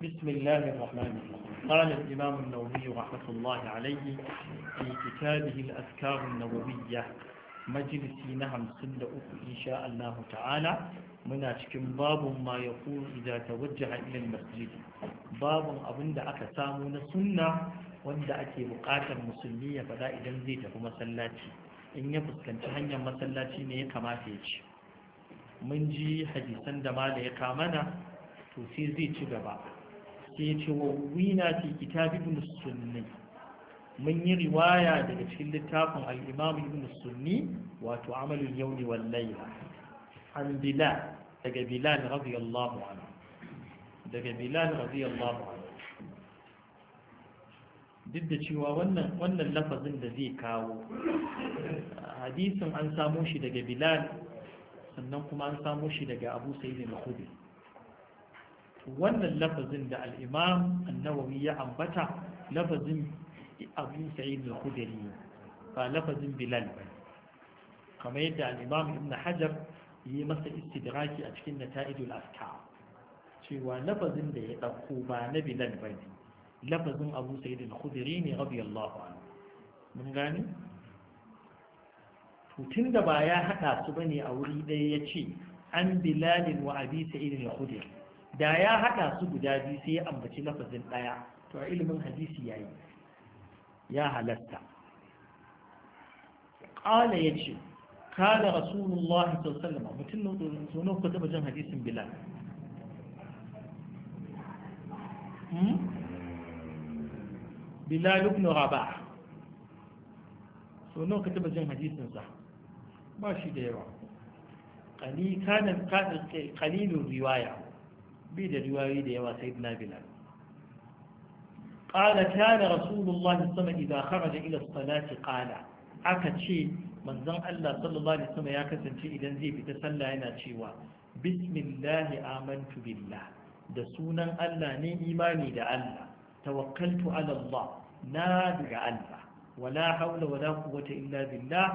بسم الله الرحمن الرحيم قال الإمام النووي رحمة الله عليه في كتابه الأذكار النووية مجلسي نهم سند إن شاء الله تعالى من أشكم باب ما يقول إذا توجه إلى المسجد باب أبند أكسامون سنة wanda ake buƙatar musulmi ya faɗa idan zai tafi masallaci in ya fuskanci hanyar masallaci ne ya kamata ya ci mun ji hadisan da ma da ya kamana to sai zai ci gaba sai ya ce wa fi kitab ibn sunni mun yi riwaya daga cikin littafin al-imam ibn sunni wato amalul yawmi wal layla an bila daga bilal radiyallahu anhu daga bilal radiyallahu anhu duk da cewa wannan wannan lafazin da zai kawo hadisin an samo shi daga bilal sannan kuma an samo shi daga abu sayyid al wannan lafazin da al'imam annawawi ya ambata lafazin abu sa'id al-khudri ba lafazin bilal ba kamar yadda al'imam ibn hajar yi masa istidraki a cikin nata'idul askar cewa lafazin da ya ɗauko ba na bilal ba ne lafazin abu sa'id al-khudri ne radiyallahu anhu mun gani tun da ba ya haɗa su ba ne a wuri ɗaya ya ce an bilalin wa abi sa'id al-khudri da ya haɗa su guda biyu sai ya ambaci lafazin ɗaya to a ilimin hadisi yayi ya halatta ƙala ya ce kala rasulullahi sallallahu mutum sunan ku taɓa jan hadisin bilal hmm? bilal ibn rabah so nawa taɓa jan jin hadisin sa ba shi da yawa qalilun riwaya bi da riwayi da yawa sai na bilal qala ta rasulullah sallallahu alaihi wasallam idza kharaja ila salati qala aka ce manzon Allah sallallahu alaihi wasallam ya kasance idan zai fita sallah yana cewa bismillahi amantu billah da sunan Allah ne imani da Allah tawakkaltu ala Allah na daga Allah wala hawla wala quwwata illa billah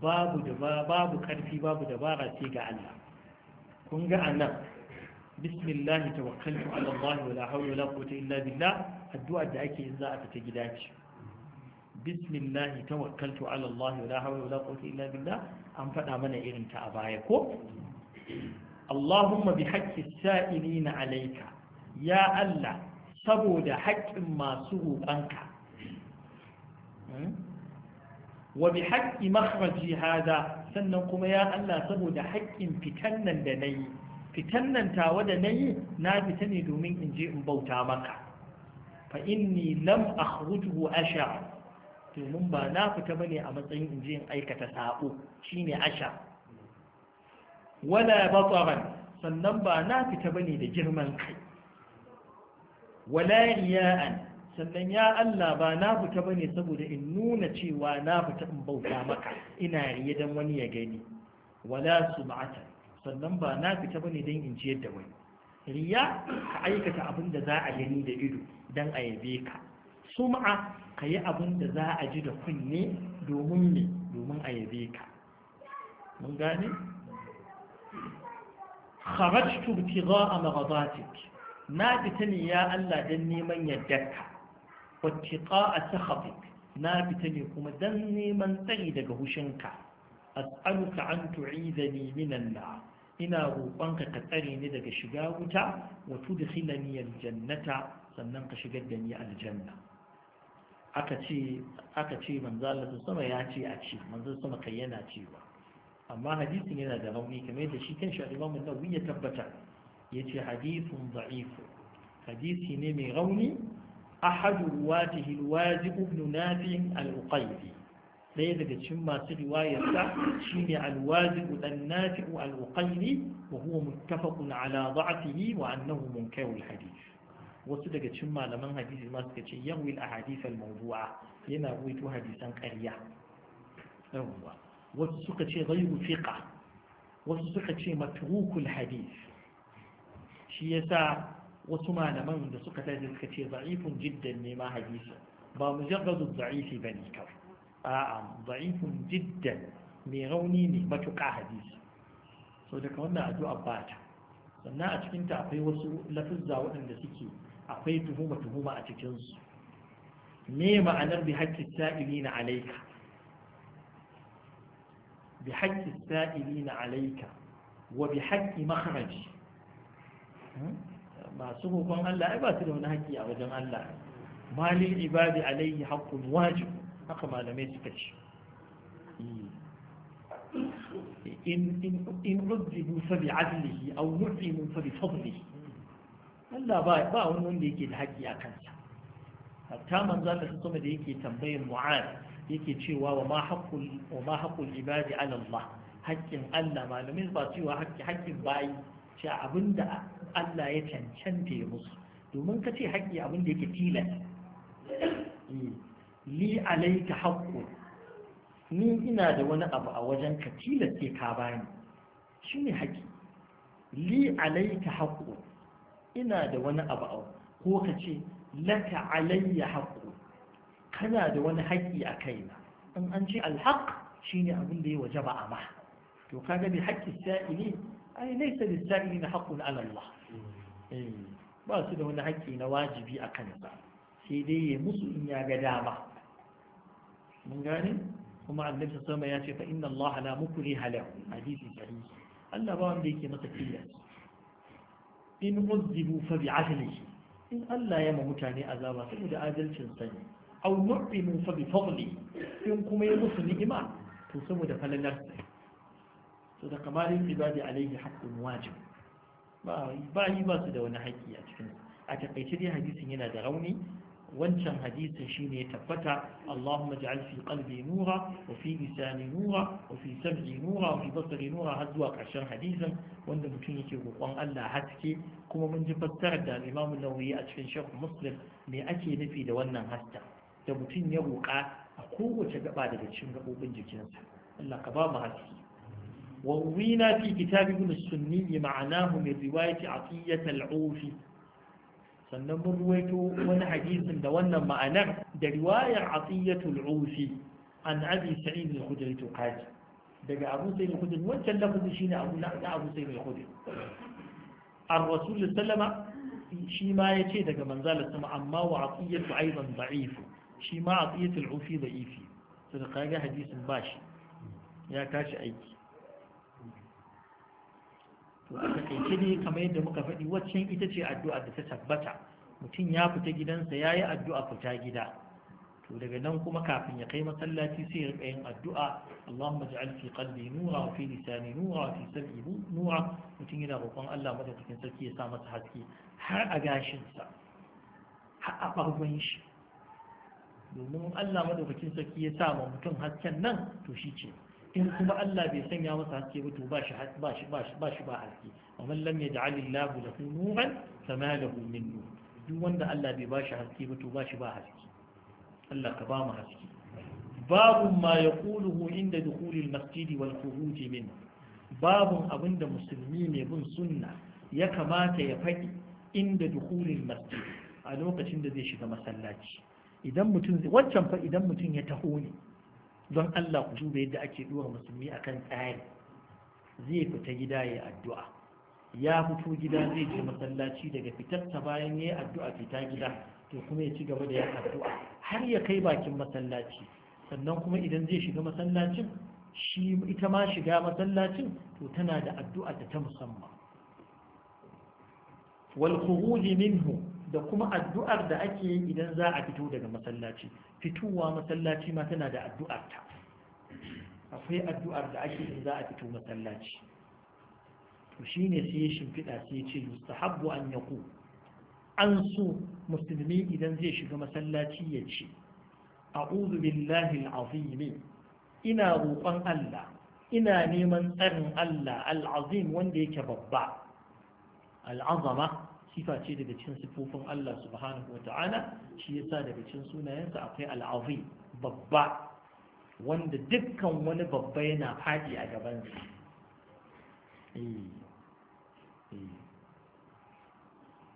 babu da babu karfi babu dabara sai ga Allah kun ga anan bismillah tawakkaltu ala Allah wala hawla wala quwwata illa billah addu'a da ake yin za a fita gida ce an faɗa mana irin ta a baya ko Allahumma bi alaika. ya Allah saboda haƙƙin masu roƙonka hmm? wa bi haƙƙi makhraji hada sannan kuma ya Allah saboda haƙƙin fitan nan da nayi fitan nan tawa da nayi na fita ne domin in je in bauta maka fa inni lam akhrujuhu asha domin ba na fita ne a matsayin in je in aikata sabo shine asha wala batran sannan ba na fita ne da girman kai wala riya'an sannan ya Allah ba na fita bane saboda in nuna cewa na fita in bauta maka ina riye dan wani ya gani wala sub'atan sannan ba na fita bane don in ciyar da wani riya ka aikata abin da za a gani da ido don a yabe ka sum'a ka yi abin da za a ji da kunne domin ne domin a yabe ka mun gane kharajtu ibtigha'a maghadatik na fita ne ya Allah dan neman yaddarka wattiqa'a sakhatik na fita ne kuma dan neman tsari daga hushinka as'aluka an tu'idani minan nar ina roƙonka ka tsare ni daga shiga wuta wa tudkhilani aljannata sannan ka shigar da ni aljanna aka ce aka ce manzo Allah sama ya ce a ce manzo sama kai yana cewa amma hadisin yana da rauni kamar da shi kanshi Imam Nawawi ya tabbata yace hadithun da'if hadisi ne mai rauni ahadu ruwatihi alwazib ibn nafi al-uqaydi ɗaya daga cikin masu riwayarsa shine alwajibu dan nafi'u al-uqayli wa huwa muttafaqun ala da'fihi wa annahu munkayul hadith wasu daga cikin malaman hadisi ma suka ce yawil ahadith al-mawdu'a yana ruwaito hadisan ƙarya yawwa wasu suka ce ghayru thiqa wasu suka ce matrukul hadith shi yasa wasu malaman da suka tafi suka ce da'ifun jiddan ne ma hadisi ba mujarradu da'ifi bane kawai a'a da'ifun jiddan mai rauni ne matuƙa hadisi so daga wannan addu'a ba ta sannan a cikin ta akwai wasu lafizza waɗanda suke akwai tuhuma tuhuma a cikin su me ma'anar bi haƙƙi sa'ilina alaika? bi haƙƙi sa'ilina alaika wa bi haƙƙi makharaji hmm? masu hukun Allah ai ba su da wani haƙƙi a wajen Allah malin ibadi alayhi haƙƙun wajib haka malamai suka ce in uzzibu fa bi adlihi aw nu'imu fa bi fadlihi Allah ba ba wani wanda yake da haƙƙi a kansa hatta manzo Allah kuma da yake tambayar Mu'ad yake cewa wa ma haqqul wa ma haqqul ibadi ala Allah haƙƙin Allah malamin ba cewa haƙƙi haƙƙin bayi ce abinda Allah ya cancanta ya musu domin ka ce haƙƙi abinda yake tilas eh. li alaika haƙƙo, ni ina da wani abu a wajen ka tilace ka bani shi ne haƙi li alaika haƙƙo, ina da wani abu a ko ka ce laka alayya haƙƙo? kana da wani haƙƙi a kaina in an ce alhaq shine abin da ya waje wajaba ma. to kaga bi haƙƙi sa'ili ai laysa lis-sa'ili haqqun ala Allah eh ba su da wani haƙƙi na wajibi a kansa sai dai ya musu in ya ga dama mun gane kuma annabi sallallahu ya ce fa inna Allah la mukri halahu hadisi sahih Allah ba wanda yake masa kiyya in uzzibu fa bi adlihi in Allah ya ma mutane azaba saboda adalcin sa ne aw nu'imu fa bi fadli in kuma ya musu ni'ima to saboda falalar sa to da kamalin ibadi alaihi haqqun wajib ba ba yi ba su da wani haƙƙi a cikin a takaice dai hadisin yana da rauni wancan hadisin shine ya tabbata Allahumma ja'al fi qalbi nura wa fi lisani nura wa fi sam'i nura wa fi basari nura har zuwa ƙarshen hadisin wanda mutum yake roƙon Allah haske kuma mun ji fassarar da Imam Nawawi a cikin Sharh Muslim me ake nufi da wannan haska da mutum ya roƙa a kowace gaba daga cikin gabobin jikinsa Allah ka ba mu haske وروينا في كتاب ابن السني معناه من رواية عطية la'ofi. sannan mun ruwaito wani hadisin da wannan ma'anar da riwayar atiyatul usi an abi sa'id al-khudri to kaji daga abu sa'id al-khudri wancan lafazin shine abu na abu sa'id al-khudri ar rasul sallama shi ma yace daga manzalar sama amma wa atiyatu aidan da'if shi ma atiyatul usi da'ifi to kaga hadisin bashi ya tashi aiki to a takaice kamar yadda muka faɗi waccan ita ce addu'a da ta tabbata mutum ya fita gidansa ya yi addu'a fita gida to daga nan kuma kafin ya kai masallaci sai ya yin addu'a Allahumma ja'al fi qalbi nura wa fi lisani nura fi sam'i nura mutum yana roƙon Allah cikin sarki ya sa masa haske har a gashinsa har a shi domin Allah madaukakin sarki ya sa ma mutum hasken nan to shi ce in kuma Allah bai sanya masa haske ba to ba shi ba shi ba shi ba shi ba haske wa man lam yaj'al Allahu lahu nuran fama lahu min nur duk wanda Allah bai ba shi haske ba to ba shi ba haske Allah ka ba mu haske babu ma yaquluhu inda dukhulil masjidi wal khuruj min babun abinda musulmi ne bin sunna ya kamata ya faɗi inda dukhulil masjid a lokacin da zai shiga masallaci idan mutum wancan fa idan mutum ya taho ne don Allah ku duba yadda ake ɗora musulmi akan tsari zai fita gida ya addu'a ya fito gida zai je masallaci daga fitarsa bayan ya yi addu'a fita gida to kuma ya ci gaba da ya addu'a har ya kai bakin masallaci sannan kuma idan zai shiga masallacin shi ita ma shiga masallacin to tana da addu'a ta musamman wal minhu da kuma addu'ar da ake yi idan za a fito daga masallaci fituwa masallaci ma tana da addu'ar ta akwai addu'ar da ake yi za a fito masallaci to shine sai shimfiɗa sai ya ce mustahabbu an yaqu an so musulmi idan zai shiga masallaci ya ce a'udhu billahi al ina roƙon Allah ina neman tsarin Allah al-azim wanda yake babba al'azama sifa ce daga cikin sifofin Allah subhanahu wata'ala shi yasa daga cikin sunayensa akwai al'azi babba wanda dukkan wani babba yana haɗi a gaban eh, eh.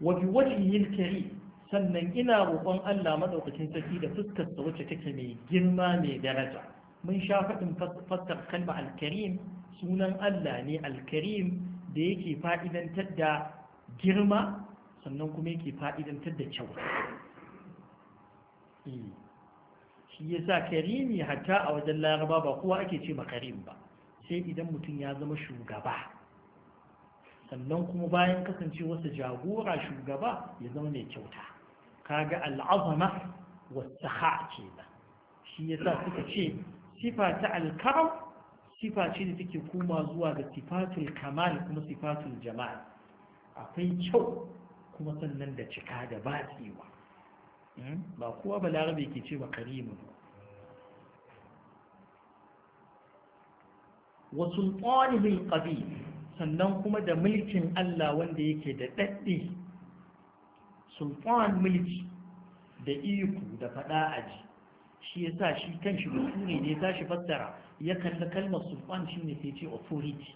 wa bi yin karim sannan ina roƙon Allah madaukakin sarki da fuskar sa wacce take mai girma mai daraja mun sha faɗin fassar kalma alkarim sunan Allah ne alkarim da yake fa'idantar da girma sannan kuma yake fa'idantar da kyau eh, shi ya sa karimi hatta a wajen laraba ba kowa ake ce ma karim ba sai idan mutum ya zama shugaba sannan kuma bayan kasance wasu jagora shugaba ya zama mai kyauta kaga al'azama wasu ha ce ba shi ya sa suka ce sifa ta alkaram sifa ce da take koma zuwa ga sifatul kamal kuma sifatul jama'a akwai kyau kuma sannan da cika da batsewa hmm? ba kowa balarabe ke ce ba karimu wa sultanihil qabil sannan kuma da mulkin Allah wanda yake da daddi sultan mulki da iku da fada aji shi yasa shi kanshi basuri ne ya shi fassara ya kalli kalmar sultan shine sai ce authority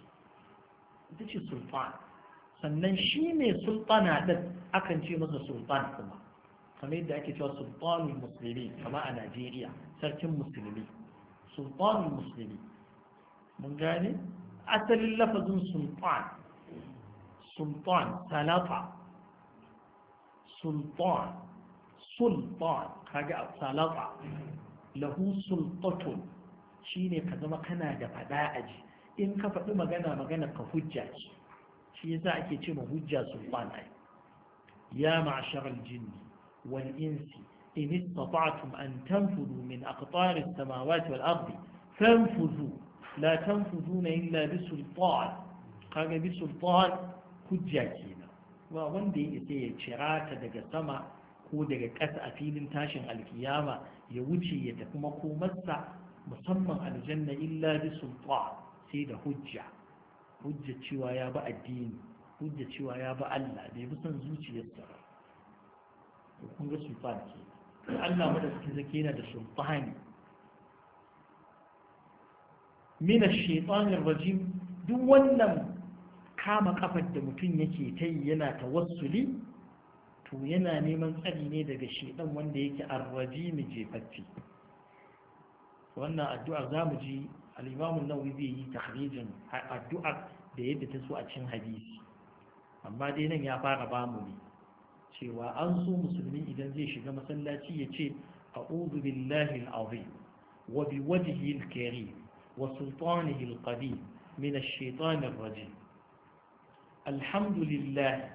ita ce sultan sannan shi ne sultana ɗin akan ce masa sultan kuma kamar yadda ake cewa sultanul musulmi kama a najeriya sarkin musulmi sultanul musulmi mun gane asalin lafazin sultan sultan salafa, sultan sultan kaga a salafa. lahu sultatun shine ka zama kana da faɗa aji in ka faɗi magana magana ka hujja ce shi yasa ake ce ma hujja sultan ai ya ma'ashar aljinni wal insi in istata'tum an tanfudu min aqtaris samawati wal ardi fanfudu la tanfuduna illa bi sultan kaga bi sultan hujja kenan ba wanda ya isa ya cirata daga sama ko daga ƙasa a filin tashin alkiyama ya wuce ya tafi makomarsa musamman aljanna illa bi sultan sai da hujja hujja cewa ya ba addini hujja cewa ya ba Allah bai bi son zuciyarsa ba to kun ga sulfan ke Allah suke zake yana da sulfani min ash-shaytanir rajim duk wannan kama kafar da mutum yake ta yi yana tawassuli to yana neman tsari ne daga shedan wanda yake arrajimi jefaffe wannan addu'ar za mu ji al'imamun nawawi zai yi tahrijin addu'ar da yadda ta so a cin hadisi amma dai nan ya fara bamu ne cewa an so musulmi idan zai shiga masallaci ya ce a billahi al-azim wa bi wajhihi al-karim wa sultanihi al-qadim min ash rajim alhamdulillah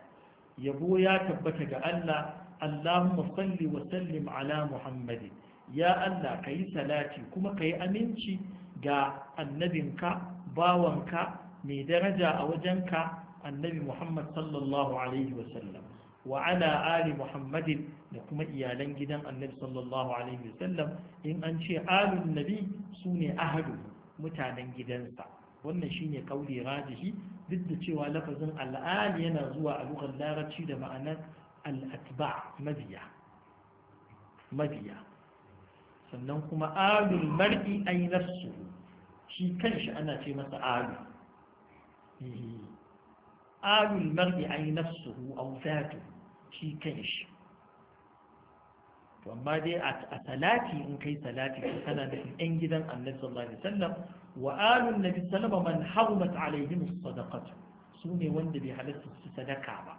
yabo ya tabbata ga Allah Allahumma salli wa sallim ala Muhammadin ya Allah kai salati kuma kai aminci ga annabinka bawanka mai daraja a wajenka annabi Muhammad sallallahu alaihi wasallam wa ala ali Muhammadin da kuma iyalan gidan annabi sallallahu alaihi wasallam in an ce alun nabi su ne ahadu mutanen gidansa wannan shine kauli rajihi duk da cewa lafazin al'ali yana zuwa a lugar larabci da ma'anar al'atba mabiya mabiya sannan kuma alul mar'i ay nafsu shi kanshi ana ce masa alu alul mar'i ai nafsuhu aw zatu shi kanshi shi amma dai a salati in kai salati ko kana da ɗan gidan annabi sallallahu alaihi wasallam wa alul nabi sallama man harumat alaihim sadaqatu su ne wanda bai halatta su sadaka ba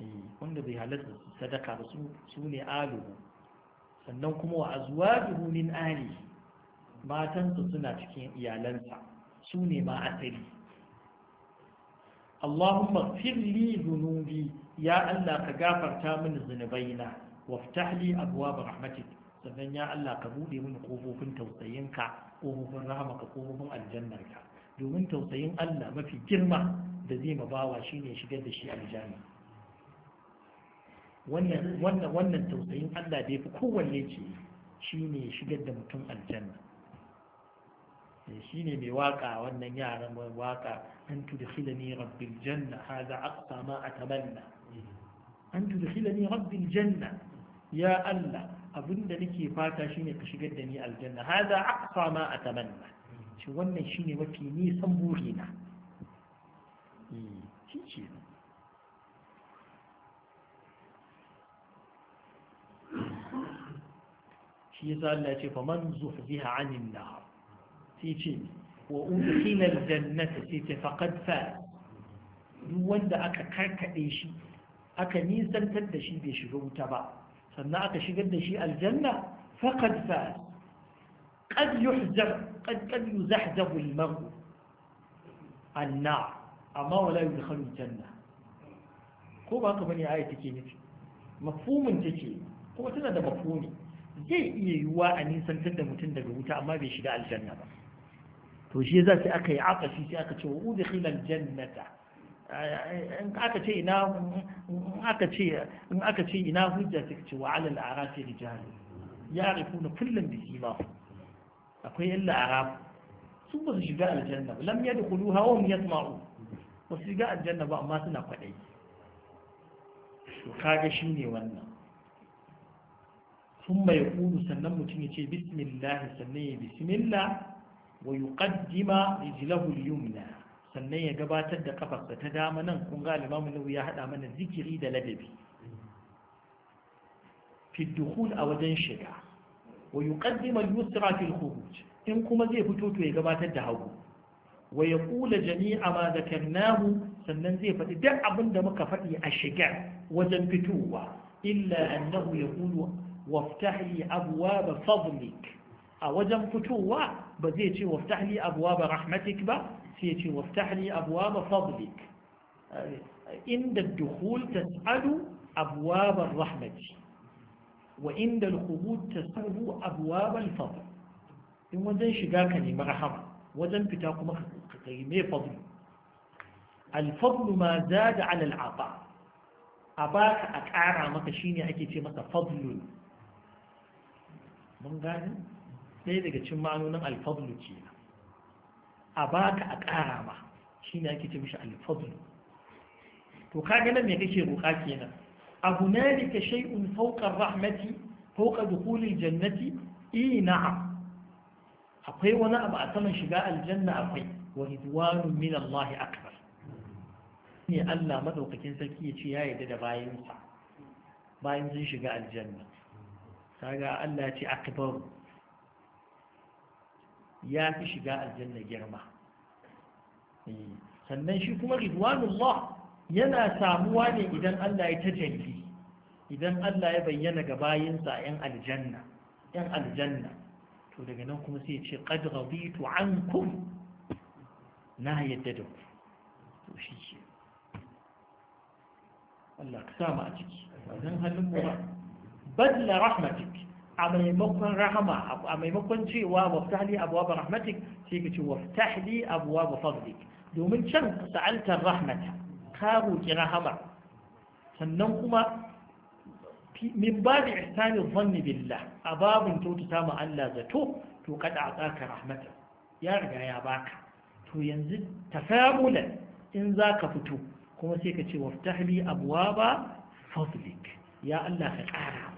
eh, wanda bai halatta su sadaka ba su ne aluhu sannan kuma wa azwajuhu min ali matansa suna cikin iyalansa su ne ma asali Allahumma firli zunubi ya Allah ka gafarta mini zunubaina waftah li abwaab rahmatik sannan ya Allah ka bude mini kofofin tausayinka kofofin rahmaka kofofin aljannarka domin tausayin Allah mafi girma da zai ma bawa shine shigar da shi aljanna wannan wannan wannan tausayin Allah da yafi kowanne ce shine shigar da mutum aljanna eh, shine mai waka wannan yaran waka أن تدخلني رب الجنة هذا أقصى ما أتمنى أن تدخلني رب الجنة يا الله أبن لك فاتا شيني كشجدني الجنة هذا أقصى ما أتمنى شو وانا شيني وكيني سمورينا شيء shi yasa Allah ce fa man zuhziha 'anil wa udkhila aljannata sai ce faqad fa duk wanda aka karkaɗe shi aka nisantar da shi bai shiga wuta ba sannan aka shigar da shi aljanna faqad fa qad yuhzab قد قد يزحزح المرء النار أما ولا يدخل الجنة ko ba haka bane aya take nufi mafhumin take kuma tana da mafhumi zai iya yiwuwa a nisantar da mutum daga wuta amma bai shiga aljanna ba to shi za sai aka yi akashi sai aka ce wa udkhilal jannata in aka ce ina in aka ce in aka ce ina hujja take ce wa alal arafi rijal ya'rifuna kullum bi simahu akwai yan la'arab sun ba su shiga aljanna ba lam yadkhuluha wa hum yasma'u ba su shiga aljanna ba amma suna kwadai to kaga shine wannan ثم يقول سنن متين يجي بسم الله سنن بسم الله wa yuqaddima rijlahu al-yumna sannan ya gabatar da kafarsa ta dama nan kun ga Imam ya haɗa mana zikiri da ladabi fi a wajen shiga wa yuqaddima al-yusra khuruj in kuma zai fito to ya gabatar da hagu wa kula jami'a ma dhakarnahu sannan zai faɗi duk abin da muka faɗi a shiga wajen fitowa illa annahu yaqulu waftah li abwaab fadlik a wajen fitowa بزيتي وافتح لي أبواب رحمتك با سيتي وافتح لي أبواب فضلك عند الدخول تسأل أبواب الرحمة وعند الخبود تسأل أبواب الفضل إن وزن شقاكني مرحبا وزن بتاكم قيمي فضل الفضل ما زاد على العطاء أباك أكعر عمك شيني أكي تيمك فضل من قال Sai daga cin ma'anonin alfadlu ke a baka a ƙara ma shi ne ake ce mishi alfadlu to kaga nan me kake roƙa kenan a hunalika shay'un fawqa rahmati fawqa dukhulil jannati eh na'am akwai wani abu a saman shiga aljanna akwai wa ridwanun min Allah akbar ne Allah madaukakin sarki ya ce ya yarda da bayansa bayan sun shiga aljanna kaga Allah ya ce akbar ya fi shiga aljanna girma sannan shi kuma ridwanullah yana samuwa ne idan Allah ya tajalli idan Allah ya bayyana ga bayinsa yan aljanna yan aljanna to daga nan kuma sai ya ce qad raditu ankum na yadda da ku to shi ce Allah ka sa mu a ciki idan halin mu ba badla rahmatik a maimakon rahama a maimakon cewa waftahli abwaab rahmatik sai ka ce waftahli abwaab fadlik domin can sa'altar rahmata ka roki rahama sannan kuma min babi ihsani dhanni billah a babin kyautata ma Allah zato to kada a tsaka rahmata ya riga ya baka to yanzu tafamulan in zaka fito kuma sai ka ce waftahli abwaaba fadlik ya Allah ka ƙara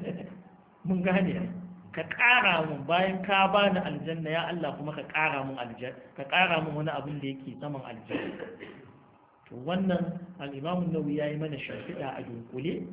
mun gane ka ƙara mun bayan ka bani aljanna ya Allah kuma ka ƙara mun aljanna ka ƙara mun wani abin da yake saman aljanna to wannan al-Imam ya yi mana shafiɗa a dunkule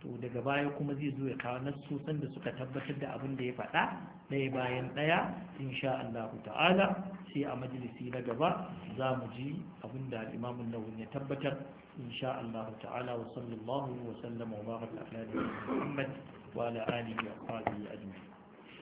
to daga baya kuma zai zo ya kawo nasu da suka tabbatar da abin da ya faɗa ɗaya bayan ɗaya insha Allah ta'ala sai a majalisi na gaba za mu ji abin da al-Imam ya tabbatar insha Allah ta'ala wa sallallahu wa sallama wa baraka ala Muhammad وعلى آله وأصحابه أجمعين